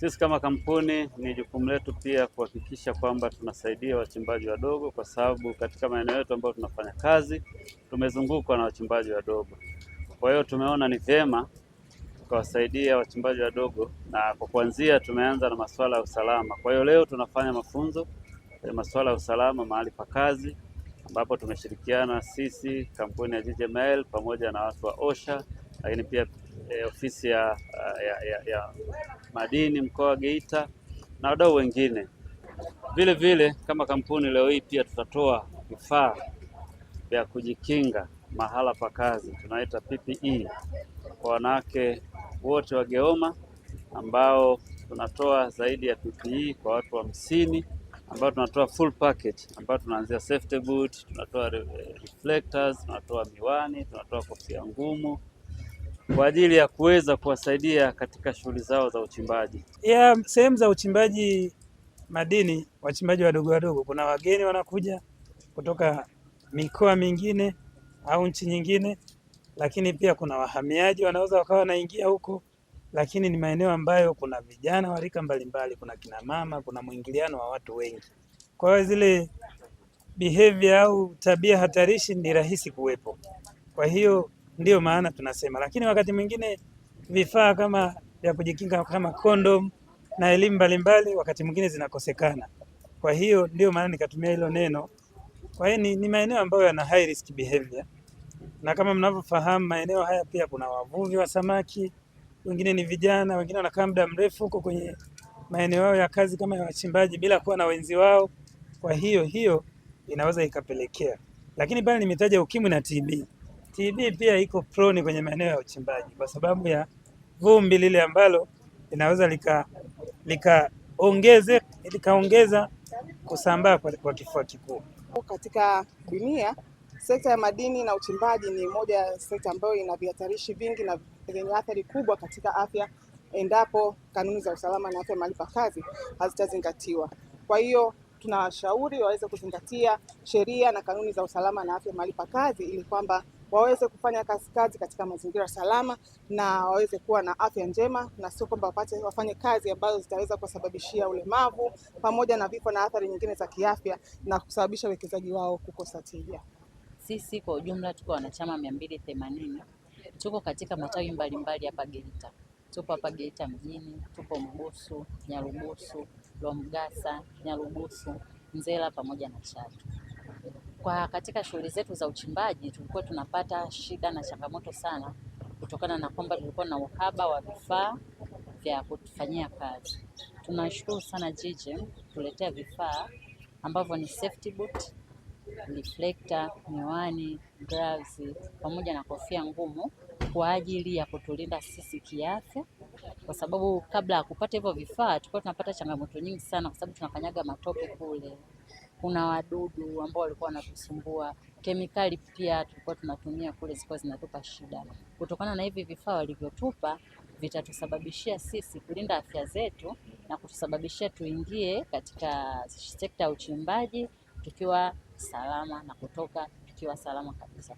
Sisi kama kampuni ni jukumu letu pia kuhakikisha kwamba tunasaidia wachimbaji wadogo, kwa sababu katika maeneo yetu ambayo tunafanya kazi tumezungukwa na wachimbaji wadogo. Kwa hiyo tumeona ni vyema tukawasaidia wachimbaji wadogo, na kwa kuanzia tumeanza na masuala ya usalama. Kwa hiyo leo tunafanya mafunzo ya masuala ya usalama mahali pa kazi, ambapo tumeshirikiana sisi kampuni ya GGML pamoja na watu wa OSHA, lakini pia eh, ofisi ya, ya, ya, ya madini mkoa wa Geita na wadau wengine vile vile. Kama kampuni leo hii pia tutatoa vifaa vya kujikinga mahala pa kazi, tunaita PPE kwa wanawake wote wa Geoma, ambao tunatoa zaidi ya PPE kwa watu hamsini ambao tunatoa full package, ambao tunaanzia safety boot, tunatoa reflectors, tunatoa miwani, tunatoa kofia ngumu kwa ajili ya kuweza kuwasaidia katika shughuli zao za uchimbaji. Yeah, sehemu za uchimbaji madini, wachimbaji wadogo wadogo, kuna wageni wanakuja kutoka mikoa mingine au nchi nyingine, lakini pia kuna wahamiaji wanaweza wakawa wanaingia huko, lakini ni maeneo ambayo kuna vijana wa rika mbalimbali, kuna kina mama, kuna mwingiliano wa watu wengi. Kwa hiyo zile behavior au tabia hatarishi ni rahisi kuwepo. Kwa hiyo Ndiyo maana tunasema, lakini wakati mwingine vifaa kama vya kujikinga kama kondom na elimu mbalimbali wakati mwingine zinakosekana. Kwa hiyo ndio maana nikatumia hilo neno. Kwa hiyo ni, ni maeneo ambayo yana high risk behavior, na kama mnavyofahamu maeneo haya pia kuna wavuvi wa samaki, wengine ni vijana, wengine wanakaa muda mrefu huko kwenye maeneo yao ya kazi kama ya wachimbaji bila kuwa na wenzi wao. Kwa hiyo hiyo inaweza ikapelekea, lakini pale nimetaja ukimwi na TB. TB pia iko prone kwenye maeneo ya uchimbaji kwa sababu ya vumbi lile ambalo linaweza likaongeze lika likaongeza kusambaa kwa kifua kikuu. Katika dunia, sekta ya madini na uchimbaji ni moja ya sekta ambayo ina vihatarishi vingi na yenye athari kubwa katika afya endapo kanuni za usalama na afya mahali pa kazi hazitazingatiwa. Kwa hiyo tunawashauri waweze kuzingatia sheria na kanuni za usalama na afya mahali pa kazi ili kwamba waweze kufanya kazi kazi katika mazingira salama na waweze kuwa na afya njema, na sio kwamba wapate wafanye kazi ambazo zitaweza kuwasababishia ulemavu pamoja na vifo na athari nyingine za kiafya na kusababisha uwekezaji wao kukosa tija. Sisi kwa ujumla tuko wanachama mia mbili themanini tuko katika matawi mbalimbali hapa Geita. Tupo hapa Geita mjini, tupo mbusu Nyarugusu, Lomgasa, Nyarugusu, Nzela pamoja na Chato. Kwa katika shughuli zetu za uchimbaji tulikuwa tunapata shida na changamoto sana kutokana na kwamba tulikuwa na uhaba wa vifaa vya kutufanyia kazi. Tunashukuru sana GGM kutuletea vifaa ambavyo ni safety boot, reflector, miwani, gloves pamoja na kofia ngumu kwa ajili ya kutulinda sisi kiafya, kwa sababu kabla ya kupata hivyo vifaa tulikuwa tunapata changamoto nyingi sana, kwa sababu tunafanyaga matope kule kuna wadudu ambao walikuwa wanatusumbua. Kemikali pia tulikuwa tunatumia kule zilikuwa zinatupa shida. Kutokana na hivi vifaa walivyotupa, vitatusababishia sisi kulinda afya zetu na kutusababishia tuingie katika sekta ya uchimbaji tukiwa salama na kutoka tukiwa salama kabisa.